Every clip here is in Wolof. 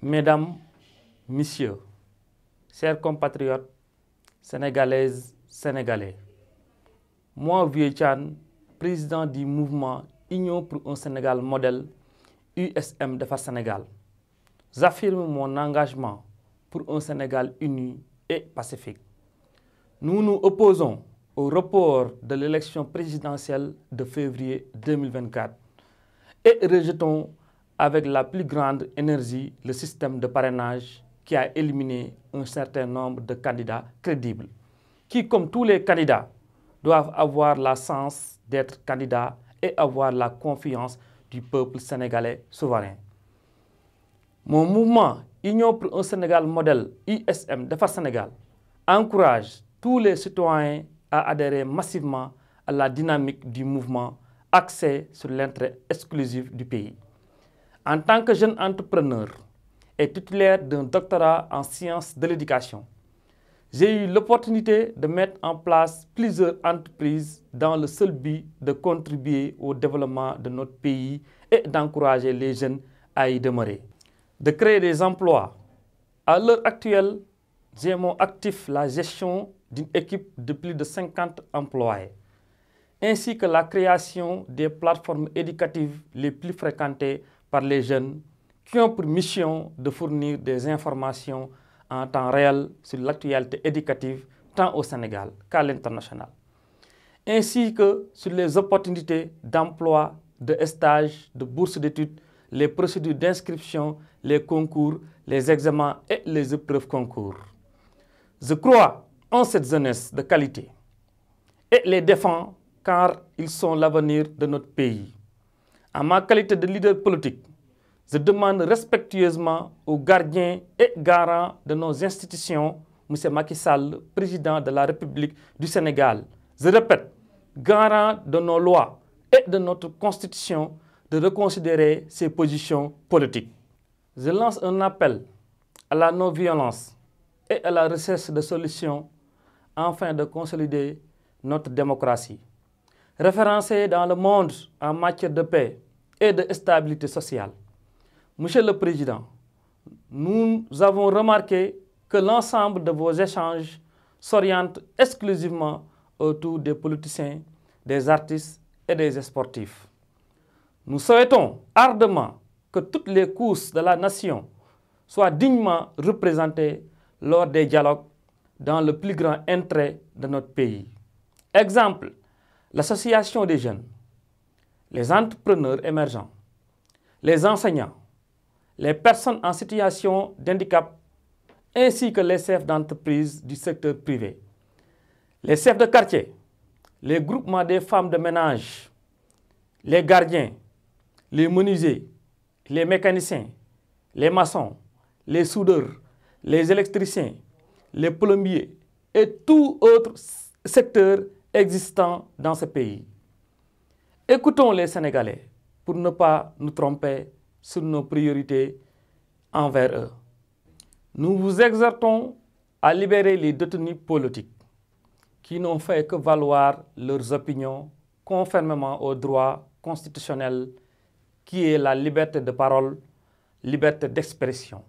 Mesdames, Messieurs, chers compatriotes sénégalaises, sénégalais, moi, Vieux Chan, président du mouvement Union pour un Sénégal modèle, USM DEFA Sénégal, j'affirme mon engagement pour un Sénégal uni et pacifique. Nous nous opposons au report de l'élection présidentielle de février 2024 et rejetons avec la plus grande énergie le système de parrainage qui a éliminé un certain nombre de candidats crédibles, qui, comme tous les candidats, doivent avoir la sens d'être candidats et avoir la confiance du peuple sénégalais souverain. Mon mouvement Union pour un Sénégal modèle ISM Defar Sénégal encourage tous les citoyens à adhérer massivement à la dynamique du mouvement axé sur l'intérêt exclusif du pays. En tant que jeune entrepreneur et titulaire d'un doctorat en sciences de l'éducation, j'ai eu l'opportunité de mettre en place plusieurs entreprises dans le seul but de contribuer au développement de notre pays et d'encourager les jeunes à y demeurer. De créer des emplois. À l'heure actuelle, j'ai mon actif la gestion d'une équipe de plus de 50 employés, ainsi que la création des plateformes éducatives les plus fréquentées par les jeunes qui ont pour de fournir des informations en temps réel sur l'actualité éducative tant au Sénégal qu'à l'international, ainsi que sur les opportunités d'emploi, de stages, de bourses d'études, les procédures d'inscription, les concours, les examens et les épreuves concours. Je crois en cette jeunesse de qualité et les défends car ils sont l'avenir de notre pays. En ma qualité de leader politique, je demande respectueusement aux gardiens et garant de nos institutions, M. Macky Sall, président de la République du Sénégal, je répète, garant de nos lois et de notre constitution, de reconsidérer ses positions politiques. Je lance un appel à la non-violence et à la recherche de solutions afin de consolider notre démocratie. Référencée dans le monde en matière de paix, et de estabilité sociale. Monsieur le Président, nous avons remarqué que l'ensemble de vos échanges s'orientent exclusivement autour des politiciens, des artistes et des sportifs. Nous souhaitons ardemment que toutes les courses de la nation soient dignement représentées lors des dialogues dans le plus grand intérêt de notre pays. Exemple, l'association des jeunes les entrepreneurs émergents, les enseignants, les personnes en situation d'handicap ainsi que les chefs d'entreprise du secteur privé, les chefs de quartier, les groupements des femmes de ménage, les gardiens, les menuisiers, les mécaniciens, les maçons, les soudeurs, les électriciens, les plombiers et tout autre secteur existant dans ce pays. Écoutons les Sénégalais pour ne pas nous tromper sur nos priorités envers eux. Nous vous exhortons à libérer les détenus politiques qui n'ont fait que valoir leurs opinions conformément au droit constitutionnel qui est la liberté de parole, liberté d'expression.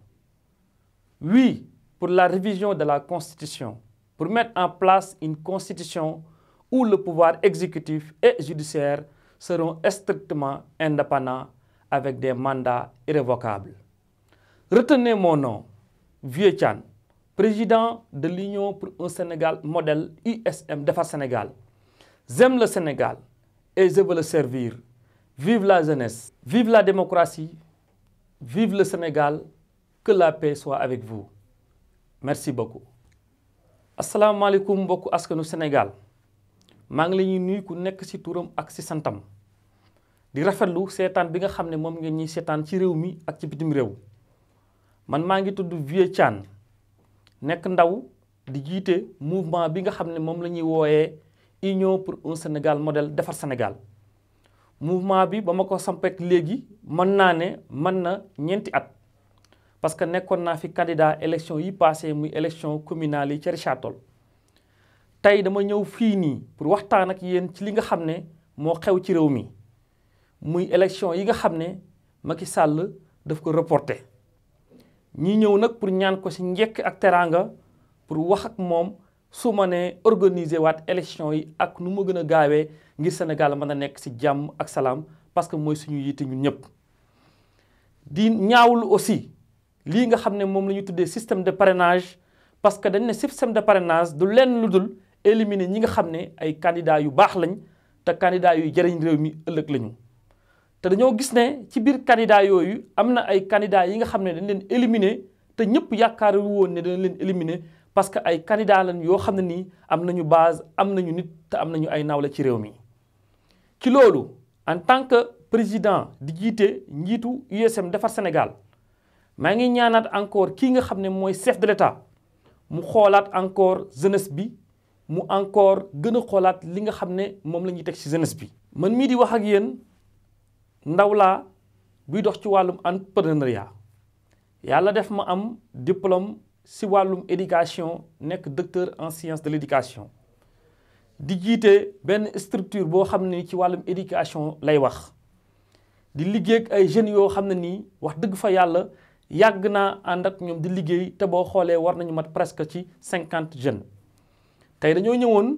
Oui, pour la révision de la Constitution, pour mettre en place une Constitution où le pouvoir exécutif et judiciaire seront strictement indépendants avec des mandats irrévocables. Retenez mon nom, président de l'Union pour un Sénégal modèle ISM DEFA Sénégal. J'aime le Sénégal et je veux le servir. Vive la jeunesse, vive la démocratie, vive le Sénégal, que la paix soit avec vous. Merci beaucoup. asalaamaaleykum mbokku askanu Sénégal maa ngi la ñuy nuyu ku nekk ci tuuram ak ci santam di rafetlu seetaan bi nga xam ne moom ngeen ñuy seetaan ci réew mi ak ci bitim réew man maa ngi tudd Vieux Thiane nekk ndaw di jiite mouvement bi nga xam ne moom la ñuy wooyee union pour un Sénégal modèle defar Sénégal mouvement bi ba ma ko sampeek léegi mën naa ne mën na ñeenti at parce que nekkoon naa fi candidat élection yi passé muy élection communal yi ca Richard-Toll tey dama ñëw fii nii pour waxtaan ak yéen ci li nga xam ne moo xew ci réew mi muy élection yi nga xam ne Macky sàll daf ko reporté ñi ñëw nag pour ñaan ko si njekk ak teraanga pour wax ak moom su ma nee organiser waat élection yi ak nu ma gën a gaawee ngir Sénégal mën a nekk si jàmm ak salaam parce que mooy suñu yitte ñun ñëpp. di ñaawlu aussi lii nga xam ne moom la ñu tuddee système de parrainage parce que dañ ne système de parrainage du lenn lu dul. éliminer ñi nga xam ne ay candidats yu baax lañ te candidats yu jëriñ réew mi ëllëg lañu te dañoo gis ne ci biir candidats yooyu am na ay candidats yi nga xam ne dañ leen éliminer te ñëpp yaakaarul woon ne dañ leen éliminer parce que ay candidats lañ yoo xam ne nii am nañu base am nañu nit te am nañu ay nawle ci réew mi. ci loolu en tant que président di jiite njiitu USM defar Sénégal maa ngi ñaanaat encore kii nga xam ne mooy chef de l'État mu xoolaat encore jeunesse bi. mu encore gën a xoolaat li nga xam ne moom la ñuy teg ci jeunesse bi. man mii di wax ak yéen ndaw laa buy dox ci wàllum entrepreneuriat yàlla def ma am diplôme ci wàllum éducation nekk docteur en sciences de l'éducation di jiite benn structure boo xam ne ci wàllum éducation lay wax di liggéey ak ay jeunes yoo xam ne nii wax dëgg fa yàlla yàgg naa ànd ak ñoom di liggéey te boo xoolee war nañu mat presque ci cinquante jeunes. tey dañoo ñëwoon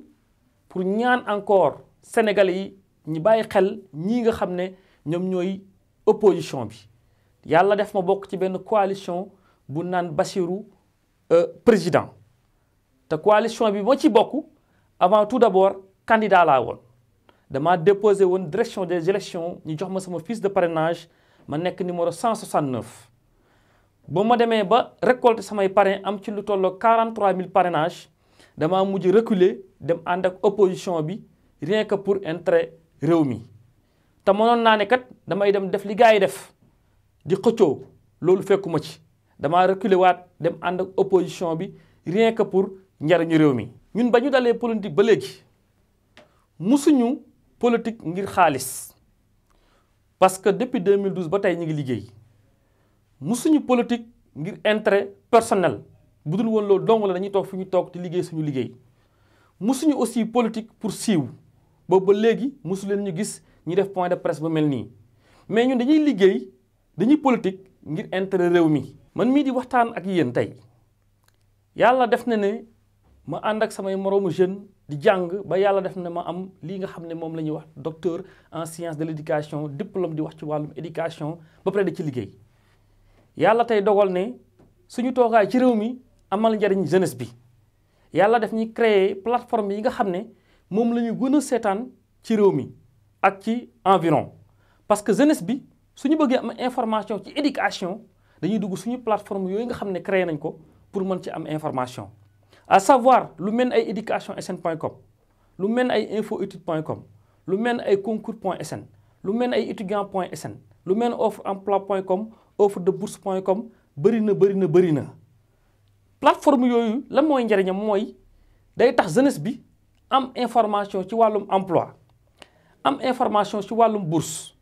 pour ñaan encore Sénégalais yi ñi bàyyi xel ñii nga xam ne ñoom ñooy opposition bi yàlla def ma bokk ci benn coalition bu naan Bassirou euh, président te coalition bi ma ci bokk avant tout d'abord candidat laa woon dama déposé woon direction des élections ñu jox ma sama fiche de parrainage ma nekk numéro 169 ba ma demee ba récolter samay parrain am ci lu tolloo mille parrainage damaa mujj reculer dem ànd ak opposition bi rien que pour intérêt réew mi te mënoon naa ne kat damay dem def li gars yi def di xëccoo loolu fekkuma ci damaa reculer waat dem ànd ak opposition bi rien que pour njariñu réew mi. ñun ba ñu dalee politique ba léegi musuñu politique ngir xaalis parce que depuis 2012 ba tey ñu ngi liggéey musuñu politique ngir intérêt personnel. bu dul woon loolu dong la dañuy toog fi ñu toog te liggéey suñu liggéey mosuñu aussi politique pour siiw boobu ba léegi musu leen ñu gis ñu def point de presse ba mel nii mais ñun dañuy liggéey dañuy politique ngir intérêt réew mi. man mii di waxtaan ak yéen tey yàlla def na ne ma ànd ak samay moroomu jeune di jàng ba yàlla def na ma am lii nga xam ne moom la ñuy wax docteur en sciences de l'éducation diplôme di wax ci wàllum éducation ba pare da ci liggéey yàlla tey dogal ne suñu toogaay ci réew mi. amal njariñ jeunesse bi yàlla def ñuy créer plateforme yi nga xam ne moom la ñu gën a seetaan ci réew mi ak ci environ parce que jeunesse bi suñu bëggee am information ci éducation dañuy dugg suñu plateforme yooyu nga xam ne créé nañ ko pour mën ci am information à savoir lu mel ni ay éducation sn point com lu mel ay info étude point com lu mel ni ay concours point sn lu mel ay étudiant point sn lu mel offre emploi point com offre de bourse point com bëri na bëri na bëri na plateforme yooyu lan mooy njëriñam mooy day tax jeunesse bi am information ci wàllum emploi am information ci wàllum bourse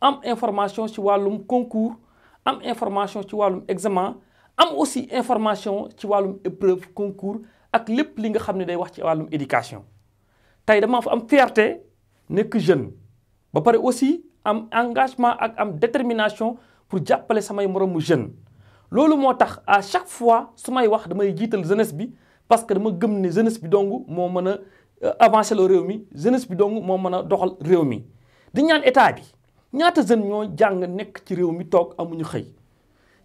am information ci wàllum concours am information ci wàllum examen am aussi information ci wàllum épreuve concours ak lépp li nga xam ne day wax ci wàllum éducation tey dama fa am fierté nekk jeune ba pare aussi am engagement ak am détermination pour jàppale samay moroomu jeune loolu moo tax à chaque fois su may wax damay jiital jeunesse bi parce que dama gëm ne jeunesse bi dong moo mën a euh, avancer le réew mi jeunesse bi dong moo mën a doxal réew mi di ñaan état bi ñaata jeunes ñoo jàng nekk ci réew mi toog amuñu xëy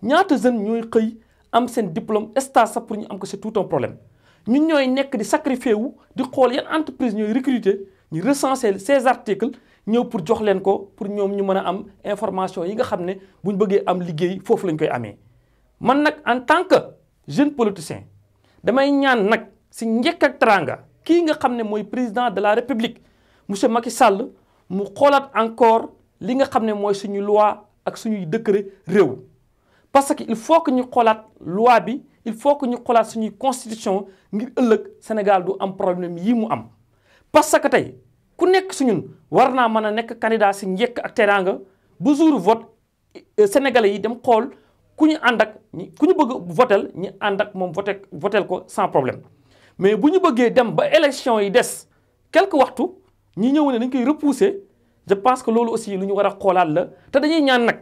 ñaata jeunes ñooy xëy am seen diplôme stage sax pour ñu am ko c'est tout un problème ñun ñooy nekk di sacrifier wu di xool yan entreprise ñooy recruter ñu recenser ces articles ñëw pour jox leen ko pour ñoom ñu mën a am information yi nga xam ne bu ñu bëggee am liggéey foofu lañ koy amee. man nag en tant que jeune politicien damay ñaan nag si njëkk ak teraanga kii nga xam ne mooy président de la république monsieur Macky Sall mu xoolaat encore li nga xam ne mooy suñu loi ak suñuy décret réew parce que il faut que ñu xoolaat loi bi il faut que ñu xoolaat suñuy constitution ngir ëllëg Sénégal du am problème yi mu am parce que tey ku nekk suñun war naa mën a nekk candidat si njëkk ak teraanga bu jour vote euh, sénégalais yi dem xool ku ñu ànd ak ku ñu bëgg votel ñu ànd ak moom voté votel ko sans mais bu ñu bëggee dem ba élection yi des quelque waxtu ñi ñëw dañ koy repousser je pense que loolu aussi lu ñu war a xoolaat la te dañuy ñaan nag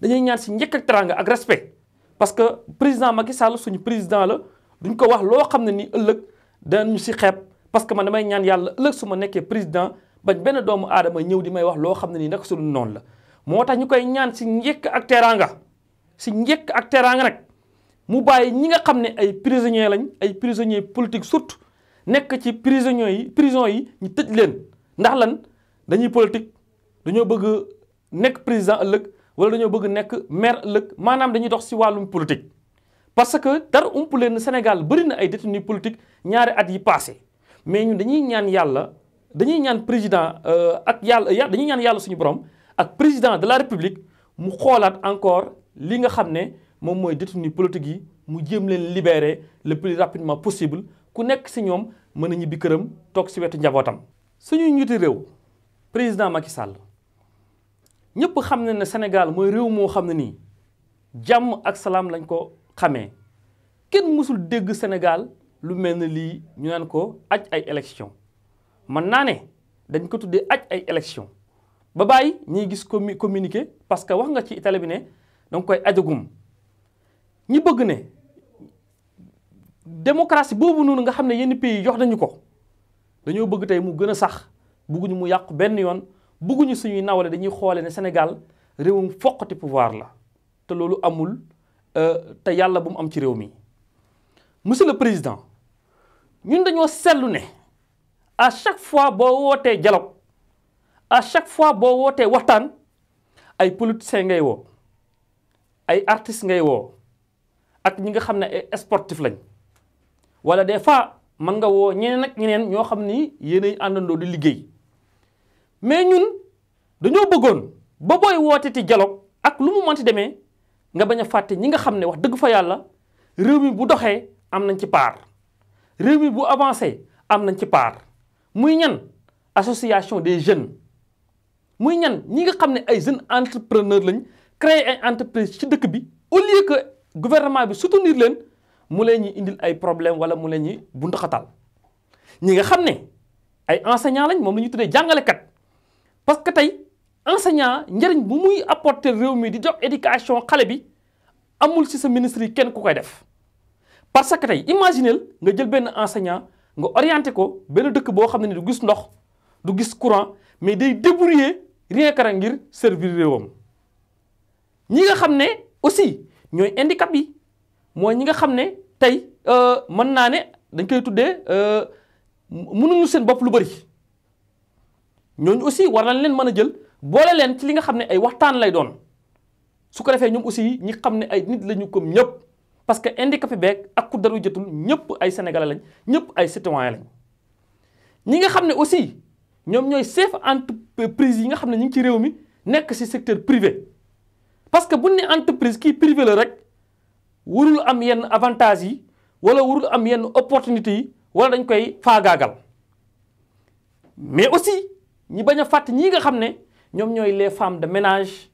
dañuy ñaan si njëkk ak ak respect parce que président Macky Sall suñu président la duñ ko wax loo xam ne nii ëllëg danañu si xeeb parce que man damay ñaan yàlla ëllëg su ma nekkee président bañ benn doomu aadama ñëw di may wax loo xam ne nii naka suñu noonu la moo tax ñu koy ñaan si njëkk ak teraanga si njëkk ak teraanga nag mu bàyyi ñi nga xam ne ay prisonniers lañ ay prisonniers politique surtout nekk ci prisonniers yi prison yi ñu tëj leen ndax lan dañuy politique dañoo bëgg nekk président ëllëg wala dañoo bëgg nekk maire ëllëg maanaam dañuy dox si wàllum politique. parce que dara ump leen Sénégal bëri na ay détenus politique ñaari at yi passé mais ñun dañuy ñaan yàlla dañuy ñaan président euh, ak yàlla dañuy ñaan yàlla suñu borom ak président de la république mu xoolaat encore. li nga xam ne moom mooy détenu politique yi mu jéem leen libérer le plus rapidement possible ku nekk si ñoom mën a ñibbi këram toog si wetu njabootam. suñu njiiti réew président Macky Sall ñëpp xam ne ne Sénégal mooy réew moo xam ne nii jàmm ak salaam lañ ko xamee kenn mësul dégg Sénégal lu mel ne lii ñu naan ko aj ay élection mën naa ne dañ ko tuddee aj ay élection ba bàyyi ñiy gis communiqué parce que wax nga ci télé bi ne. danga koy ajagum ñi bëgg ne démocratie boobu noonu nga xam ne yenn pays jox nañu ko dañoo bëgg tey mu gën a sax bëgguñu mu yàqu benn yoon bëgguñu suñuy nawle dañuy xoole ne Sénégal réewum foqati pouvoir la te loolu amul euh, te yàlla bu mu am ci réew mi. monsieur président ñun dañoo seetlu ne à chaque fois boo wootee dialogue à chaque fois boo wootee waxtaan ay politiciens ngay woo. ay artistes ngay woo ak ñi nga xam ne ay sportif lañ wala des fois mën nga woo ñeneen ak ñeneen ñoo xam ni yéenay àndandoo di liggéey mais ñun dañoo bëggoon ba booy woote ti dialogue ak lu mu mënti demee nga bañ a fàtte ñi nga xam ne wax dëgg fa yàlla réew mi bu doxee am nañ ci part réew mi bu avancé am nañ ci part muy ñan association des jeunes muy ñan ñi nga xam ne ay jeunes entrepreneurs lañ. créer entreprise ci dëkk bi au lieu que gouvernement bi soutenir leen mu leen ñuy indil ay problème wala mu leen ñuy bundaxatal ñi nga xam ne ay enseignant lañ moom la ñuy tuddee jàngalekat parce que tey enseignant njëriñ bu muy apporter réew mi di jox éducation xale bi amul ci sa ministre yi kenn ku koy def parce que tey imagineel nga jël benn enseignant nga orienté ko benn dëkk boo xam ne du gis ndox du gis courant mais day débrouiller rien que ngir servir réewam ñi nga xam ne aussi ñooy handicap yi mooy ñi nga xam ne tey euh, mën naa ne dañ koy tuddee euh, mënuñu seen bopp lu bëri ñooñu aussi war nañ leen mën a jël boole leen ci li nga xam ne ay waxtaan lay doon su ko defee ñoom aussi ñi xam ne ay nit la ñu comme ñëpp parce que handicapé beeg ak ku daru jotul ñëpp ay sénégalais lañ ñëpp ay citoyen lañ ñi nga xam ne aussi ñoom ñooy chef entreprise yi nga xam ne ñu ci réew mi nekk ci secteur privé parce que buñ ne entreprise kii privé la rek warul am yenn avantages yi wala warul am yenn opportunités yi wala dañ koy faagaagal mais aussi ñi bañ a fàtt ñii nga xam ne ñoom ñooy les femmes de ménage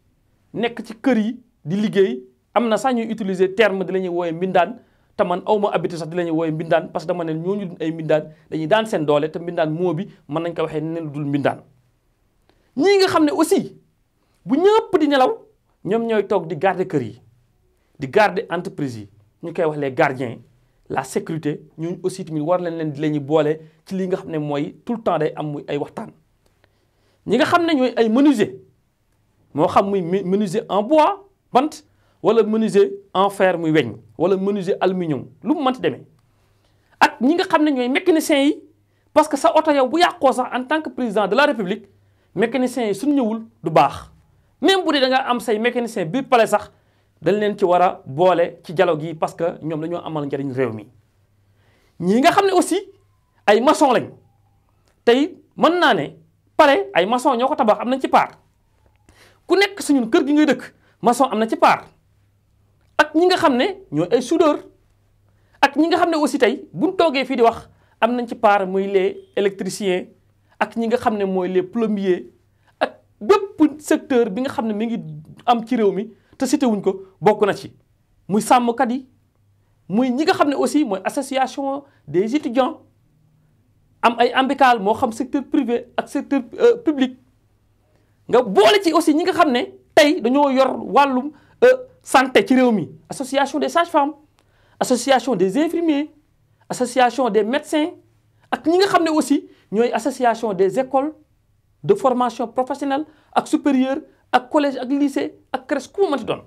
nekk ci kër yi di liggéey am na sax ñuy utiliser terme di la ñuy wooye mbindaan te man aw ma habitude sax di la ñuy wooye mbindaan parce que dama ne ñu dun ay mbindaan dañuy daan seen doole te mbindaan moo bi mën nañ ko waxee ne lu dul mbindaan ñii nga xam ne aussi bu ñëpp di nelaw ñoom ñooy toog di garder kër yi di garder entreprise yi ñu koy wax les gardiens la sécurité ñooñu aussi tamit war leen leen di la ñuy boole ci li nga xam ne mooy tout le temps day am muy ay waxtaan. ñi nga xam ne ñooy ay menuisier moo xam muy menuisier en bois bant wala menuisier en fer muy weñ wala menuisier aluminium lu mu mënti demee ak ñi nga xam ne ñooy mécaniciens yi parce que sa oto yow bu yàqoo sax en tant que président de la république mécaniciens yi suñu ñëwul du baax. même bu dee da nga am say mécanicien biir palais sax dañ leen ci war a boole ci dialogue yi parce que ñoom dañoo amal njëriñ réew mi ñii nga xam ne aussi ay maçon lañ tey mën naa ne palais ay maçon ñoo ko tabax am nañ ci paar ku nekk suñu kër gi ngay dëkk maçon am na ci part ak ñi nga xam ne ñooy ay soudeur ak ñi nga xam ne aussi tey buñ toogee fii di wax am nañ ci part mooy les électriciens ak ñi nga xam ne mooy les plombiers bépp secteur bi nga xam ne mi ngi am ci réew mi te cité wuñ ko bokk na ci muy sàmmkat yi muy ñi nga xam ne aussi mooy association des étudiants am ay amicale moo xam secteur privé ak secteur euh, public nga boole ci aussi ñi nga xam ne tey dañoo yor wàllum euh, sante ci réew mi association des sages-femmes association des infirmiers association des médecins ak ñi nga xam ne aussi ñooy association des écoles de formation professionnelle ak supérieure ak collège ak lycée ak crèche ku mu mënti doon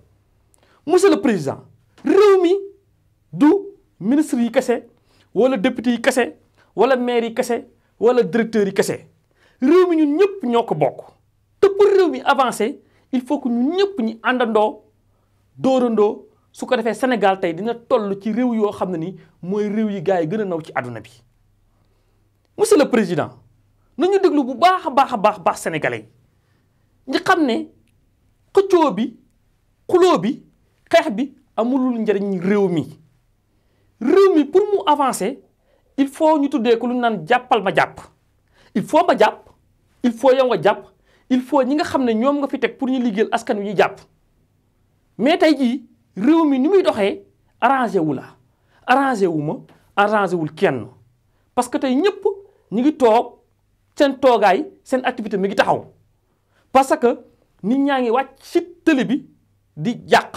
monsieur le président réew mi du ministre yi kese wala député yi kese wala maire yi kese wala directeur yi kese réew mi ñun ñëpp ñoo ko bokk te réew mi avancé il faut que ñun ñëpp ñu àndandoo dóorandoo su ko defee Sénégal tey dina toll ci réew yoo xam ne ni mooy réew yi gars yi gën a naw ci àdduna bi monsieur le président. na nañu déglu bu baax a baax a baax baax sénégalais yi xam ne xëccoo bi xuloo bi xeex bi amulul njëriñ réew mi réew mi pour mu avancer il faut ñu tuddee ko lu ñu naan jàppal ma jàpp il faut ma jàpp il faut yow nga il faut ñi nga xam ne ñoom nga fi teg pour ñu liggéeyal askan wi ñu jàpp mais tey jii réew mi ni muy doxee arrangé wu la arrangé wu ma arrangé wul kenn parce que tey ñëpp ñu ngi toog. seen toogaay seen activité mi ngi taxaw parce que nit ñaa ngi wàcc ci télé bi di yàq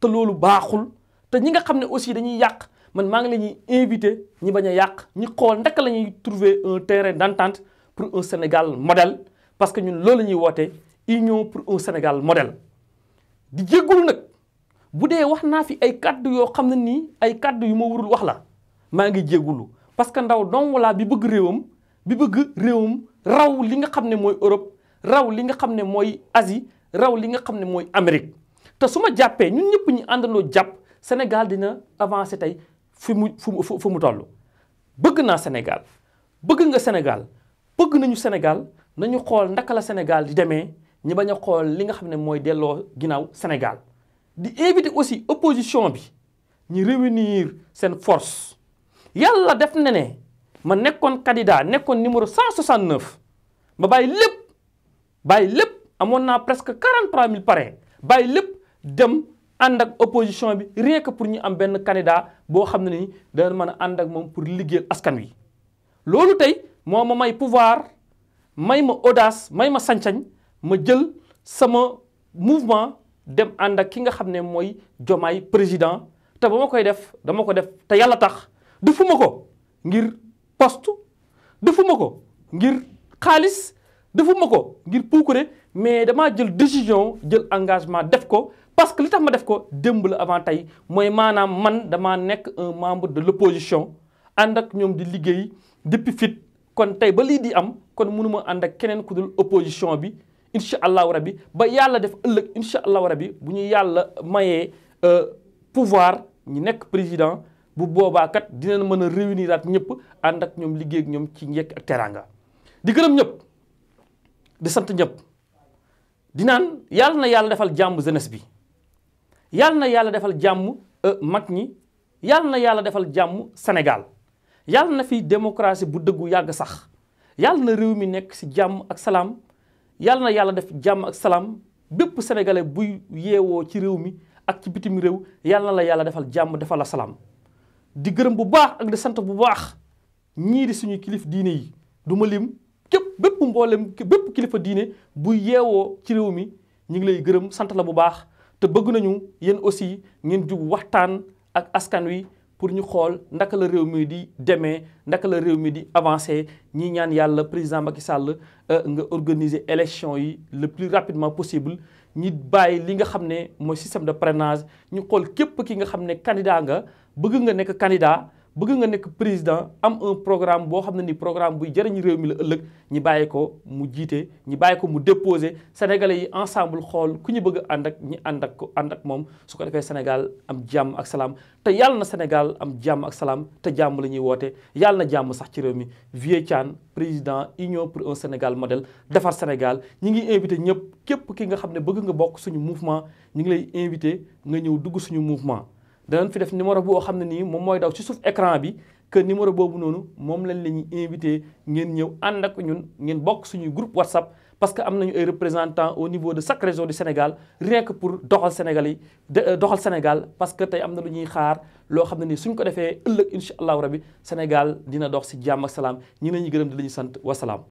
te loolu baaxul te ñi nga xam ne aussi dañuy yàq man maa ngi la ñuy invité ñi bañ a yàq ñi xool ndaka la ñuy trouver un terrain d'entente pour un Sénégal modèle parce que ñun loolu la ñuy woote ñëw pour un Sénégal modèle di jéggul nag bu dee wax naa fi ay kàddu yoo xam ne nii ay kàddu yu ma warul wax la maa ngi jéggulu parce que ndaw dong laa bi bëgg réewam bi bëgg réewum raw li nga xam ne mooy Europe raw li nga xam ne mooy asi raw li nga xam ne mooy Amérique te su ma jàppee ñun ñëpp ñu àndandoo jàpp Sénégal dina avancer tey fi mu fu mu toll bëgg naa Sénégal bëgg nga Sénégal bëgg nañu Sénégal nañu xool ndaka la Sénégal di demee ñi bañ a xool li nga xam ne mooy delloo ginnaaw Sénégal di invité aussi opposition bi ñu réunir seen force yàlla def na ne. ma nekkoon candidat nekkoon cent numéro 169 ma bàyyi lépp bàyyi lépp amoon naa presque 43 mille pare bàyyi lépp dem ànd ak opposition bi rien que pour ñu am benn candidat boo xam ne ni dana mën a ànd ak moom pour liggéeyal askan wi. loolu tey moo ma may pouvoir may ma audace may ma sañ ma jël sama mouvement dem ànd ak ki nga xam ne mooy jomaay président te ba ma koy def dama ko def te yàlla tax defuma ko ngir. poste defuma ko ngir xaalis defuma ko ngir puukure mais damaa jël décision jël engagement def ko parce que li tax ma def ko démb la avant tey mooy maanaam man damaa nekk un membre de l'opposition ànd ak ñoom di liggéey depuis fit kon tey ba lii di am kon mënuma ànd ak keneen ku dul opposition bi incha allahu rabi ba yàlla def ëllëg incha allahu rabi bu ñu yàlla mayee euh, pouvoir ñu nekk président bu boobaa kat dinañ mën a réunir at ñëpp ànd ak ñoom liggéey ak ñoom ci njëkk ak teraanga di gërëm ñëpp di sant ñëpp dinaan naan yàlla na yàlla defal jàmm jeunesse bi yàlla na yàlla defal jàmm euh, mag ñi yàlla na yàlla defal jàmm Sénégal yàlla na fi démocratie bu dëggu yàgg sax yàlla na réew mi nekk ci jàmm ak salaam yàlla na yàlla def jàmm ak salaam bépp sénégalais buy yeewoo ci réew mi ak ci bitim réew yàlla na la yàlla defal jàmm defal la salaam. di gërëm bu baax ak di sant bu baax ñii suñu kilif diine yi du ma lim képp bépp mboolem bépp kilifa diine buy yeewoo ci réew mi ñu ngi lay gërëm sant la bu baax te bëgg nañu yéen aussi ngeen jug waxtaan ak askan wi pour ñu xool ndaka la réew mi di demee ndaka la réew mi di avancé ñi ñaan yàlla président Macky Sall euh, nga organiser élection yi le plus rapidement possible ñi bàyyi li nga xam ne mooy système de parrainage ñu xool képp ki nga xam ne candidat bëgg nga nekk candidat bëgg nga nekk président am un programme boo xam ne ni programme buy jëriñ réew mi la ëllëg ñi bàyyi ko mu jiite ñi bàyyi ko mu déposé sénégalais yi ensemble xool ku ñu bëgg ànd ak ñi ànd ak ko ànd ak moom su ko defee Sénégal am jàmm ak salaam te yàlla na Sénégal am jàmm ak salaam te jàmm la ñuy woote yàlla na jàmm sax ci réew mi Vieux Thiane président union pour un Sénégal modèle defar Sénégal ñi ngi invité ñëpp képp ki nga xam ne bëgg nga bokk suñu mouvement ñi ngi lay invité nga ñëw dugg suñu mouvement danañ fi def numéro boo xam ne nii moom mooy daw ci suuf écran bi que numéro boobu noonu moom lañ la ñuy invité ngeen ñëw ànd ak ñun ngeen bokk suñuy groupe WhatsApp. parce que am nañu ay représentants au niveau de chaque région du Sénégal rien que pour doxal Sénégal yi euh, doxal Sénégal parce que tey am na lu ñuy xaar loo xam ne nii suñ ko defee ëllëg incha allahu rabi Sénégal dina dox si jàmm ak salaam ñi ngi leen di gërëm di la ñu sant wasalaam.